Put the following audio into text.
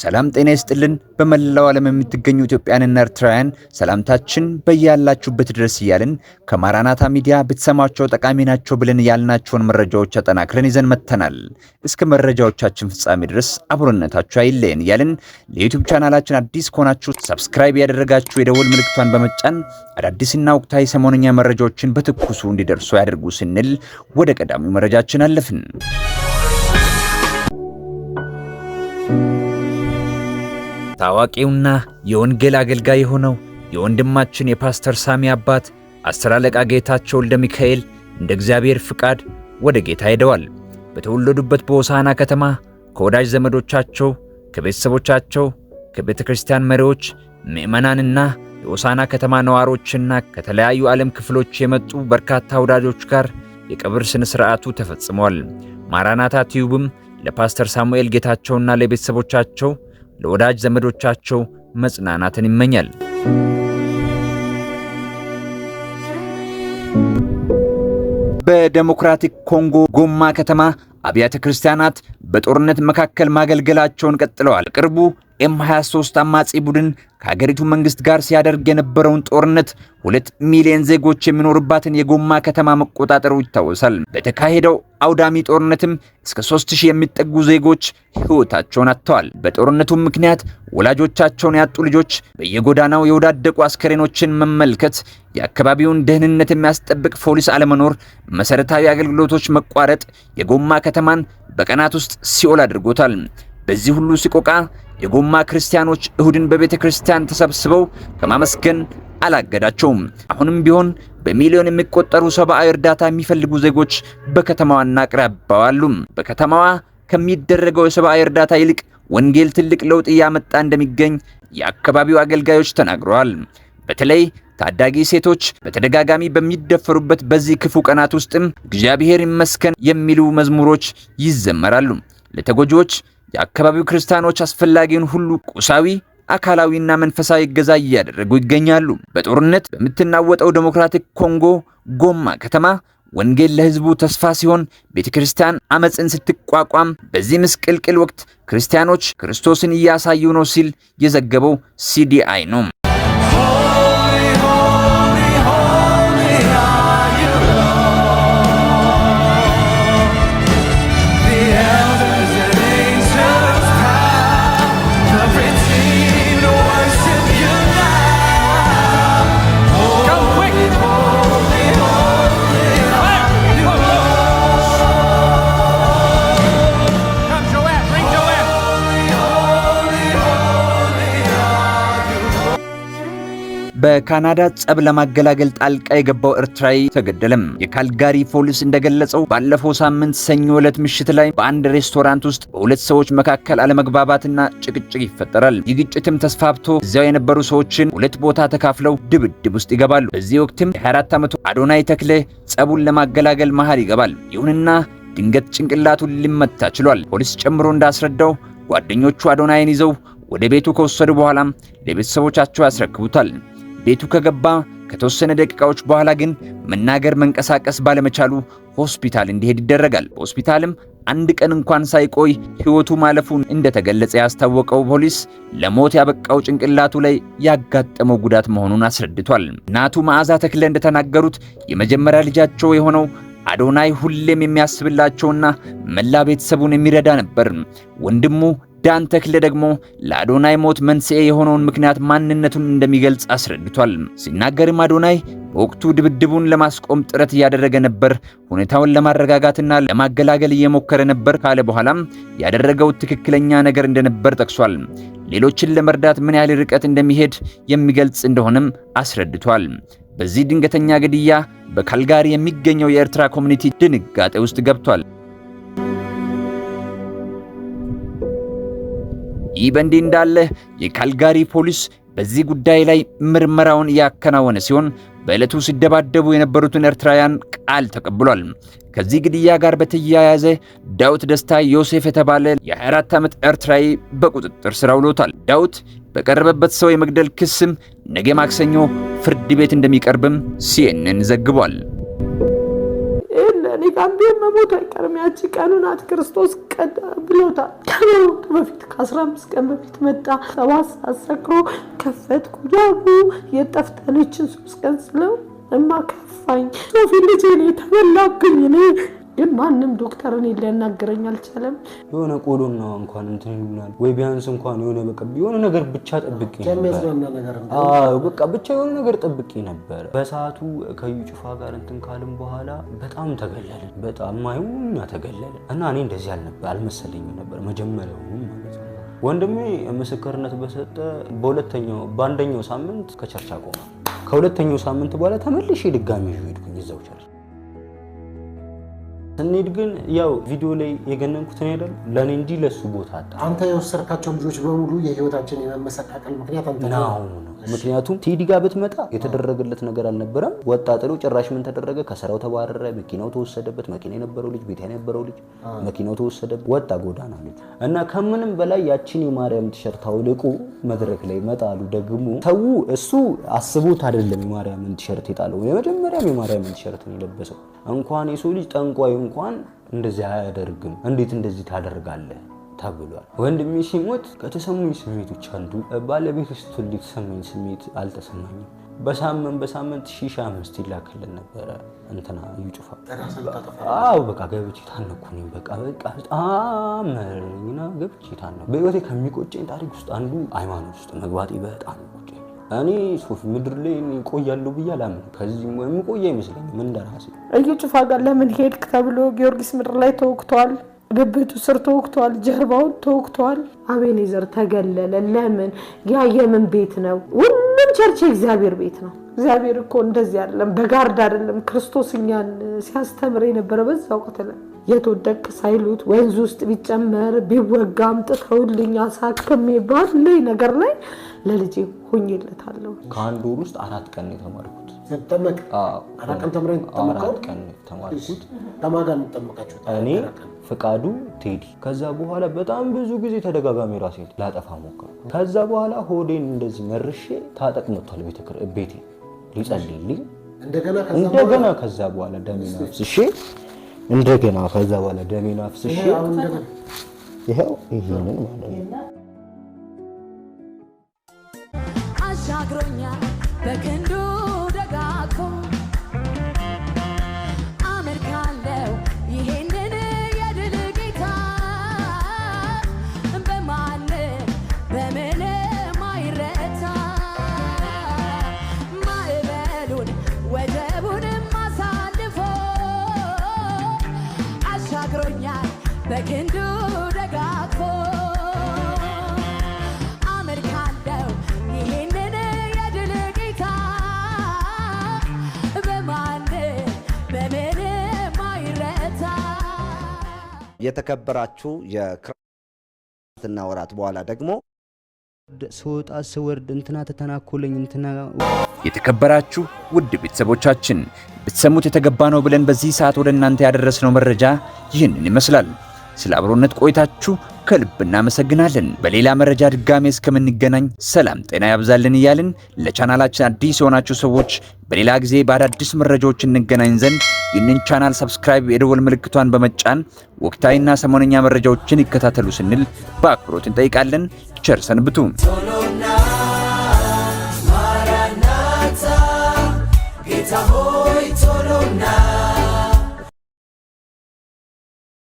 ሰላም ጤና ይስጥልን። በመላው ዓለም የምትገኙ ኢትዮጵያንና ኤርትራውያን ሰላምታችን በያላችሁበት ድረስ እያልን ከማራናታ ሚዲያ ብትሰማቸው ጠቃሚ ናቸው ብለን ያልናቸውን መረጃዎች አጠናክረን ይዘን መጥተናል። እስከ መረጃዎቻችን ፍጻሜ ድረስ አብሮነታችሁ አይለየን እያልን ለዩቲዩብ ቻናላችን አዲስ ከሆናችሁ ሰብስክራይብ ያደረጋችሁ የደወል ምልክቷን በመጫን አዳዲስና ወቅታዊ ሰሞነኛ መረጃዎችን በትኩሱ እንዲደርሱ ያደርጉ ስንል ወደ ቀዳሚው መረጃችን አለፍን። ታዋቂውና የወንጌል አገልጋይ የሆነው የወንድማችን የፓስተር ሳሚ አባት አስር አለቃ ጌታቸው ወልደ ሚካኤል እንደ እግዚአብሔር ፍቃድ ወደ ጌታ ሄደዋል። በተወለዱበት በሆሳና ከተማ ከወዳጅ ዘመዶቻቸው፣ ከቤተሰቦቻቸው፣ ከቤተ ክርስቲያን መሪዎች፣ ምዕመናንና የሆሳና ከተማ ነዋሪዎችና ከተለያዩ ዓለም ክፍሎች የመጡ በርካታ ወዳጆች ጋር የቀብር ሥነ ሥርዓቱ ተፈጽሟል። ማራናታ ቲዩብም ለፓስተር ሳሙኤል ጌታቸውና ለቤተሰቦቻቸው ለወዳጅ ዘመዶቻቸው መጽናናትን ይመኛል። በዴሞክራቲክ ኮንጎ ጎማ ከተማ አብያተ ክርስቲያናት በጦርነት መካከል ማገልገላቸውን ቀጥለዋል። ቅርቡ ኤም23 አማጺ ቡድን ከሀገሪቱ መንግስት ጋር ሲያደርግ የነበረውን ጦርነት ሁለት ሚሊዮን ዜጎች የሚኖሩባትን የጎማ ከተማ መቆጣጠሩ ይታወሳል። በተካሄደው አውዳሚ ጦርነትም እስከ 3000 የሚጠጉ ዜጎች ህይወታቸውን አጥተዋል። በጦርነቱ ምክንያት ወላጆቻቸውን ያጡ ልጆች በየጎዳናው የወዳደቁ አስከሬኖችን መመልከት፣ የአካባቢውን ደህንነት የሚያስጠብቅ ፖሊስ አለመኖር፣ መሰረታዊ አገልግሎቶች መቋረጥ የጎማ ከተማን በቀናት ውስጥ ሲኦል አድርጎታል። በዚህ ሁሉ ሲቆቃ የጎማ ክርስቲያኖች እሁድን በቤተ ክርስቲያን ተሰብስበው ከማመስገን አላገዳቸውም። አሁንም ቢሆን በሚሊዮን የሚቆጠሩ ሰብአዊ እርዳታ የሚፈልጉ ዜጎች በከተማዋና አቅራቢያዋ አሉ። በከተማዋ ከሚደረገው የሰብአዊ እርዳታ ይልቅ ወንጌል ትልቅ ለውጥ እያመጣ እንደሚገኝ የአካባቢው አገልጋዮች ተናግረዋል። በተለይ ታዳጊ ሴቶች በተደጋጋሚ በሚደፈሩበት በዚህ ክፉ ቀናት ውስጥም እግዚአብሔር ይመስገን የሚሉ መዝሙሮች ይዘመራሉ። ለተጎጂዎች የአካባቢው ክርስቲያኖች አስፈላጊውን ሁሉ ቁሳዊ አካላዊና መንፈሳዊ እገዛ እያደረጉ ይገኛሉ። በጦርነት በምትናወጠው ዴሞክራቲክ ኮንጎ ጎማ ከተማ ወንጌል ለሕዝቡ ተስፋ ሲሆን ቤተ ክርስቲያን አመፅን ስትቋቋም በዚህ ምስቅልቅል ወቅት ክርስቲያኖች ክርስቶስን እያሳዩ ነው ሲል የዘገበው ሲዲአይ ነው። በካናዳ ጸብ ለማገላገል ጣልቃ የገባው ኤርትራዊ ተገደለም። የካልጋሪ ፖሊስ እንደገለጸው ባለፈው ሳምንት ሰኞ ዕለት ምሽት ላይ በአንድ ሬስቶራንት ውስጥ በሁለት ሰዎች መካከል አለመግባባትና ጭቅጭቅ ይፈጠራል። ይህ ግጭትም ተስፋፍቶ እዚያው የነበሩ ሰዎችን ሁለት ቦታ ተካፍለው ድብድብ ውስጥ ይገባሉ። በዚህ ወቅትም የ24 ዓመቱ አዶናይ ተክሌ ጸቡን ለማገላገል መሃል ይገባል። ይሁንና ድንገት ጭንቅላቱን ሊመታ ችሏል። ፖሊስ ጨምሮ እንዳስረዳው ጓደኞቹ አዶናይን ይዘው ወደ ቤቱ ከወሰዱ በኋላም ለቤተሰቦቻቸው ያስረክቡታል። ቤቱ ከገባ ከተወሰነ ደቂቃዎች በኋላ ግን መናገር መንቀሳቀስ ባለመቻሉ ሆስፒታል እንዲሄድ ይደረጋል። በሆስፒታልም አንድ ቀን እንኳን ሳይቆይ ሕይወቱ ማለፉን እንደተገለጸ ያስታወቀው ፖሊስ ለሞት ያበቃው ጭንቅላቱ ላይ ያጋጠመው ጉዳት መሆኑን አስረድቷል። እናቱ መዓዛ ተክለ እንደተናገሩት የመጀመሪያ ልጃቸው የሆነው አዶናይ ሁሌም የሚያስብላቸውና መላ ቤተሰቡን የሚረዳ ነበር። ወንድሙ ዳን ተክለ ደግሞ ለአዶናይ ሞት መንስኤ የሆነውን ምክንያት ማንነቱን እንደሚገልጽ አስረድቷል። ሲናገርም አዶናይ በወቅቱ ድብድቡን ለማስቆም ጥረት እያደረገ ነበር፣ ሁኔታውን ለማረጋጋትና ለማገላገል እየሞከረ ነበር ካለ በኋላም ያደረገው ትክክለኛ ነገር እንደነበር ጠቅሷል። ሌሎችን ለመርዳት ምን ያህል ርቀት እንደሚሄድ የሚገልጽ እንደሆነም አስረድቷል። በዚህ ድንገተኛ ግድያ በካልጋሪ የሚገኘው የኤርትራ ኮሚኒቲ ድንጋጤ ውስጥ ገብቷል። ይህ በእንዲህ እንዳለ የካልጋሪ ፖሊስ በዚህ ጉዳይ ላይ ምርመራውን ያከናወነ ሲሆን በዕለቱ ሲደባደቡ የነበሩትን ኤርትራውያን ቃል ተቀብሏል። ከዚህ ግድያ ጋር በተያያዘ ዳውት ደስታ ዮሴፍ የተባለ የ24 ዓመት ኤርትራዊ በቁጥጥር ስር ውሎታል። ዳውት በቀረበበት ሰው የመግደል ክስም ነገ ማክሰኞ ፍርድ ቤት እንደሚቀርብም ሲኤንኤን ዘግቧል። ለእኔ ጋር ቢሆን መሞቱ አይቀርም። ያቺ ቀኑ ናት። ክርስቶስ ቀዳ ብሎታል። ከመሞቱ በፊት ከአስራ አምስት ቀን በፊት መጣ። ሰባት ሰዓት ሰክሮ ከፈትኩ ዳሩ የጠፍጠነችን ሶስት ቀን ስለው እማ ከፋኝ ሶፊ ልጄ እኔ ተበላብኝ እኔ ግን ማንም ዶክተርን ሊያናገረኝ አልቻለም። የሆነ ቆዶም ነው እንኳን እንትን ይሉናል ወይ ቢያንስ እንኳን የሆነ በቃ የሆነ ነገር ብቻ ጠብቄ በቃ ብቻ የሆነ ነገር ጠብቄ ነበር። በሰዓቱ ከዩ ጭፋ ጋር እንትን ካልም በኋላ በጣም ተገለልን፣ በጣም ማይሆን ተገለልን እና እኔ እንደዚህ አልነበር አልመሰለኝም ነበር መጀመሪያውም ማለት ነው። ወንድሜ ምስክርነት በሰጠ በሁለተኛው በአንደኛው ሳምንት ከቸርች አቆመ። ከሁለተኛው ሳምንት በኋላ ተመልሼ ድጋሚ ሄድኩ። ስንሄድ ግን ያው ቪዲዮ ላይ የገነንኩትን አይደል ለእኔ እንዲህ ለሱ ቦታ አጣ። አንተ የወሰድካቸው ልጆች በሙሉ የህይወታችን የመመሰቃቀል ምክንያት አንተ ነው። ምክንያቱም ቴዲ ጋር ብትመጣ የተደረገለት ነገር አልነበረም። ወጣ ጥሎ ጭራሽ ምን ተደረገ? ከስራው ተባረረ፣ መኪናው ተወሰደበት። መኪና የነበረው ልጅ ቤት የነበረው ልጅ መኪናው ተወሰደበት፣ ወጣ ጎዳና ልጅ እና ከምንም በላይ ያችን የማርያም ቲሸርት አውልቁ መድረክ ላይ መጣሉ ደግሞ ሰው እሱ አስቦት አይደለም የማርያምን ቲሸርት የጣለው የመጀመሪያም የማርያምን ቲሸርት ነው የለበሰው። እንኳን የሰው ልጅ ጠንቋይ እንኳን እንደዚህ አያደርግም፣ እንዴት እንደዚህ ታደርጋለህ ተብሏል። ወንድሜ ሲሞት ከተሰሙኝ ስሜቶች አንዱ ባለቤት ስትሆን የተሰማኝ ስሜት አልተሰማኝም። በሳምንት በሳምንት ሺሻ አምስት ይላክልን ነበረ። እንትና ይጩፋ አዎ፣ በቃ ገብቼ ታነኩኝ። በቃ በቃ በጣም መረረኝና ገብቼ ታነኩ። በህይወቴ ከሚቆጨኝ ታሪክ ውስጥ አንዱ ሃይማኖት ውስጥ መግባቴ በጣም ቆጨኝ። እኔ ሶፊ ምድር ላይ ቆያለሁ ብዬ አላምንም። ከዚህ የምቆይ አይመስለኝም። እንደ እዩ ጩፋ ጋር ለምን ሄድክ ተብሎ ጊዮርጊስ ምድር ላይ ተወቅተዋል። ብብቱ ስር ተወቅተዋል። ጀርባውን ተወቅተዋል። አቤኔዘር ተገለለ። ለምን? ያ የምን ቤት ነው? ሁሉም ቸርች የእግዚአብሔር ቤት ነው። እግዚአብሔር እኮ እንደዚህ አይደለም፣ በጋርድ አይደለም። ክርስቶስ እኛን ሲያስተምር የነበረ በዛ ወቅት ላይ የተወደቅ ሳይሉት ወንዝ ውስጥ ቢጨመር ቢወጋ አምጥተውልኝ አሳክሜ ባለኝ ነገር ላይ ለልጄ ሆኜለታለሁ። ከአንድ ወር ውስጥ አራት ቀን የተማርኩት። ስጠመቅ ቀን የተማርኩት ተማጋ የምጠመቃችሁ እኔ ፍቃዱ ቴዲ። ከዛ በኋላ በጣም ብዙ ጊዜ ተደጋጋሚ ራሴ ላጠፋ ሞከርኩ። ከዛ በኋላ ሆዴን እንደዚህ መርሼ ታጠቅ መጥቷል ቤቴ ሊጸልይልኝ እንደገና ከዛ በኋላ ደሜን አፍስሼ እንደገና ከዛ በኋላ ደሜን አፍስሼ ይኸው ይህንን ማለት ነው አሻግሮኛል በክንዱ ደጋግፎ አመልካለው ይሄንን የድል ጌታ በማንም በምንም አይረታ ማዕበሉን ወጀቡንም አሳልፎ አሻግሮኛል በክንዱ ደጋግፎ የተከበራችሁ የክርስትና ወራት በኋላ ደግሞ ስወጣ ስወርድ እንትና ተተናኮለኝ እንትና። የተከበራችሁ ውድ ቤተሰቦቻችን ብትሰሙት የተገባ ነው ብለን በዚህ ሰዓት ወደ እናንተ ያደረስነው መረጃ ይህንን ይመስላል። ስለ አብሮነት ቆይታችሁ ከልብ እናመሰግናለን። በሌላ መረጃ ድጋሜ እስከምንገናኝ ሰላም ጤና ያብዛልን እያልን ለቻናላችን አዲስ የሆናችሁ ሰዎች በሌላ ጊዜ በአዳዲስ መረጃዎች እንገናኝ ዘንድ ይህንን ቻናል ሰብስክራይብ፣ የደወል ምልክቷን በመጫን ወቅታዊና ሰሞነኛ መረጃዎችን ይከታተሉ ስንል በአክብሮት እንጠይቃለን። ቸር ሰንብቱ።